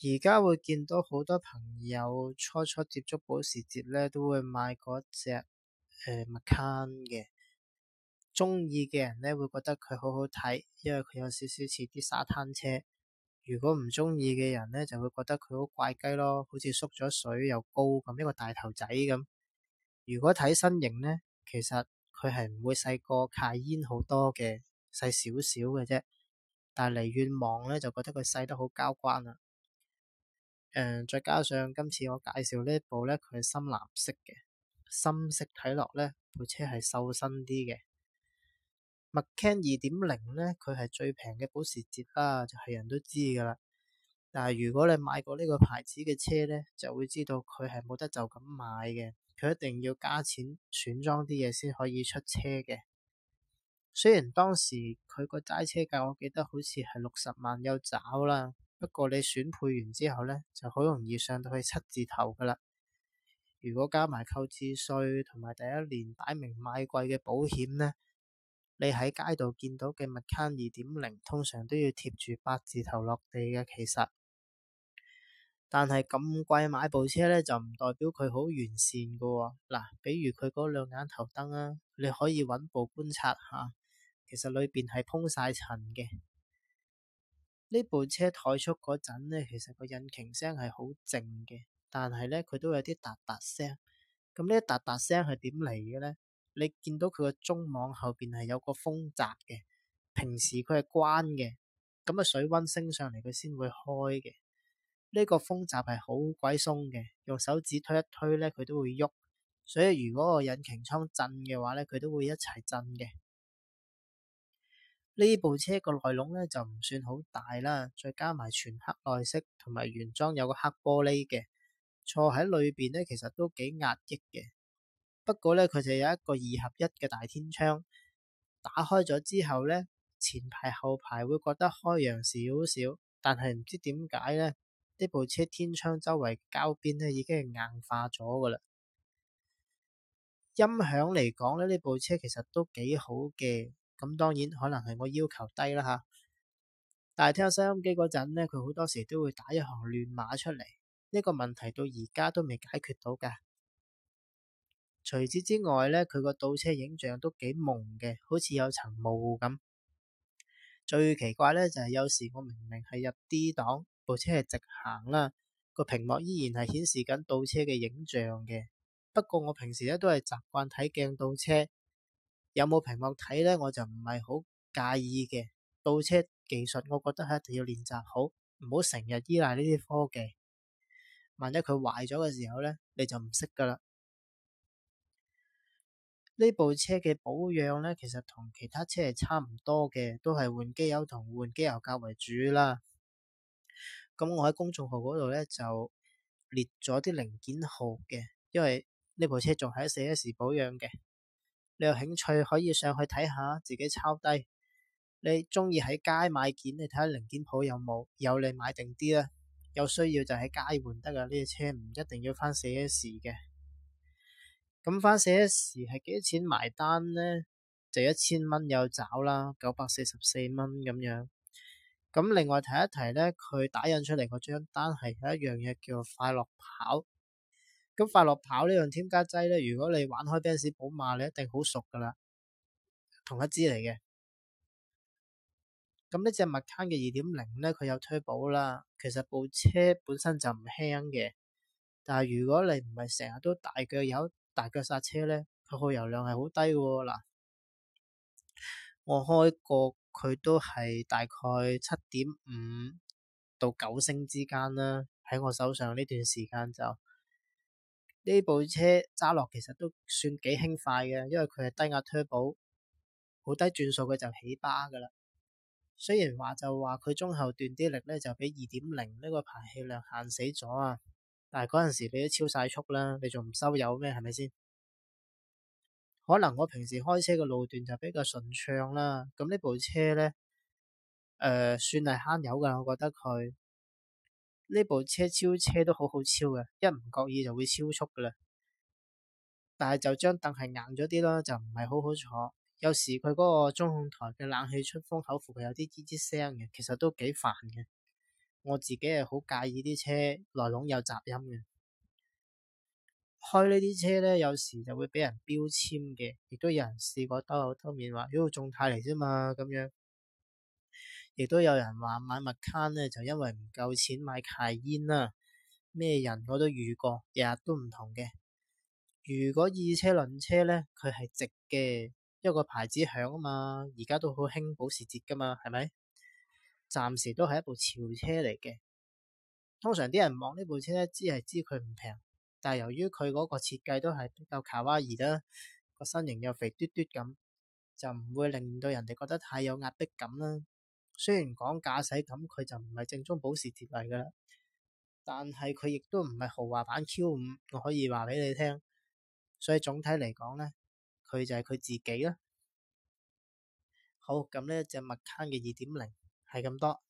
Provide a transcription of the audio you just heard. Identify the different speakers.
Speaker 1: 而家會見到好多朋友初初接觸保時捷咧，都會買嗰隻誒、呃、Macan 嘅。中意嘅人咧會覺得佢好好睇，因為佢有少少似啲沙灘車。如果唔中意嘅人咧，就會覺得佢好怪雞咯，好似縮咗水又高咁，一個大頭仔咁。如果睇身形咧，其實佢係唔會細過卡宴好多嘅，細少少嘅啫。但嚟遠望咧，就覺得佢細得好交關啦。嗯、再加上今次我介紹呢部呢，佢係深藍色嘅深色，睇落呢部車係瘦身啲嘅。Macan 2.0咧，佢係最平嘅保時捷啦，就係、是、人都知噶啦。但係如果你買過呢個牌子嘅車呢，就會知道佢係冇得就咁買嘅，佢一定要加錢選裝啲嘢先可以出車嘅。雖然當時佢個齋車價，我記得好似係六十萬有找啦。不過你選配完之後呢，就好容易上到去七字頭噶啦。如果加埋購置稅同埋第一年擺明買貴嘅保險呢，你喺街度見到嘅 Macan 2.0，通常都要貼住八字頭落地嘅。其實，但係咁貴買部車呢，就唔代表佢好完善噶喎。嗱，比如佢嗰兩眼頭燈啊，你可以穩步觀察下，其實裏邊係鋪晒塵嘅。呢部車怠速嗰陣呢，其實個引擎聲係好靜嘅，但係呢，佢都有啲嗒嗒聲。咁呢啲嗒嗒聲係點嚟嘅呢？你見到佢個中網後邊係有個風閘嘅，平時佢係關嘅，咁啊水溫升上嚟佢先會開嘅。呢個風閘係好鬼鬆嘅，用手指推一推呢，佢都會喐，所以如果個引擎倉震嘅話呢，佢都會一齊震嘅。呢部車個內籠呢就唔算好大啦，再加埋全黑內飾同埋原裝有個黑玻璃嘅，坐喺裏邊呢其實都幾壓抑嘅。不過呢，佢就有一個二合一嘅大天窗，打開咗之後呢，前排後排會覺得開揚少少，但係唔知點解呢，呢部車天窗周圍膠邊呢已經係硬化咗㗎喇。音響嚟講呢，呢部車其實都幾好嘅。咁當然可能係我要求低啦，吓，但係聽下收音機嗰陣呢，佢好多時都會打一行亂碼出嚟，呢個問題到而家都未解決到㗎。除此之外呢，佢個倒車影像都幾蒙嘅，好似有層霧咁。最奇怪呢，就係有時我明明係入 D 檔，部車係直行啦，個屏幕依然係顯示緊倒車嘅影像嘅。不過我平時咧都係習慣睇鏡倒車。有冇屏幕睇呢？我就唔係好介意嘅。倒車技術，我覺得係一定要練習好，唔好成日依賴呢啲科技。萬一佢壞咗嘅時候呢，你就唔識噶啦。呢部車嘅保養呢，其實同其他車係差唔多嘅，都係換機油同換機油格為主啦。咁我喺公眾號嗰度呢，就列咗啲零件號嘅，因為呢部車仲喺 4S 保養嘅。你有興趣可以上去睇下，自己抄低。你中意喺街買件，你睇下零件鋪有冇，有你買定啲啦。有需要就喺街換得㗎，呢隻車唔一定要翻四 S 嘅。咁翻四 S 係幾錢埋單呢？就一千蚊有找啦，九百四十四蚊咁樣。咁另外提一提呢，佢打印出嚟嗰張單係有一樣嘢叫快樂跑。咁快樂跑呢樣添加劑咧，如果你玩開奔馳寶馬，你一定好熟噶啦，同一支嚟嘅。咁呢隻麥卡嘅二點零咧，佢有推保啦。其實部車本身就唔輕嘅，但係如果你唔係成日都大腳油、大腳剎車咧，佢耗油量係好低嘅啊。嗱，我開過佢都係大概七點五到九升之間啦，喺我手上呢段時間就。呢部車揸落其實都算幾輕快嘅，因為佢係低壓 turbo，好低轉數嘅就起巴噶啦。雖然話就話佢中後段啲力呢就俾二點零呢個排氣量限死咗啊，但係嗰陣時你都超晒速啦，你仲唔收油咩？係咪先？可能我平時開車嘅路段就比較順暢啦，咁呢部車呢，誒、呃，算係慳油噶，我覺得佢。呢部車超車都好好超嘅，一唔覺意就會超速嘅啦。但係就張凳係硬咗啲咯，就唔係好好坐。有時佢嗰個中控台嘅冷氣出風口附近有啲吱吱聲嘅，其實都幾煩嘅。我自己係好介意啲車內籠有雜音嘅。開呢啲車咧，有時就會俾人標籤嘅，亦都有人試過兜口兜面話：喲，眾泰嚟啫嘛，咁樣。亦都有人話買麥卡呢，就因為唔夠錢買凱宴啦。咩人我都遇過，日日都唔同嘅。如果二車輪車呢，佢係值嘅，因為個牌子響啊嘛。而家都好興保時捷噶嘛，係咪？暫時都係一部潮車嚟嘅。通常啲人望呢部車咧，只係知佢唔平，但係由於佢嗰個設計都係比較卡哇伊啦，個身形又肥嘟嘟咁，就唔會令到人哋覺得太有壓迫感啦。雖然講駕駛咁佢就唔係正宗保時捷嚟㗎啦，但係佢亦都唔係豪華版 Q 五，我可以話畀你聽，所以總體嚟講咧，佢就係佢自己啦。好，咁咧隻邁卡嘅二點零係咁多。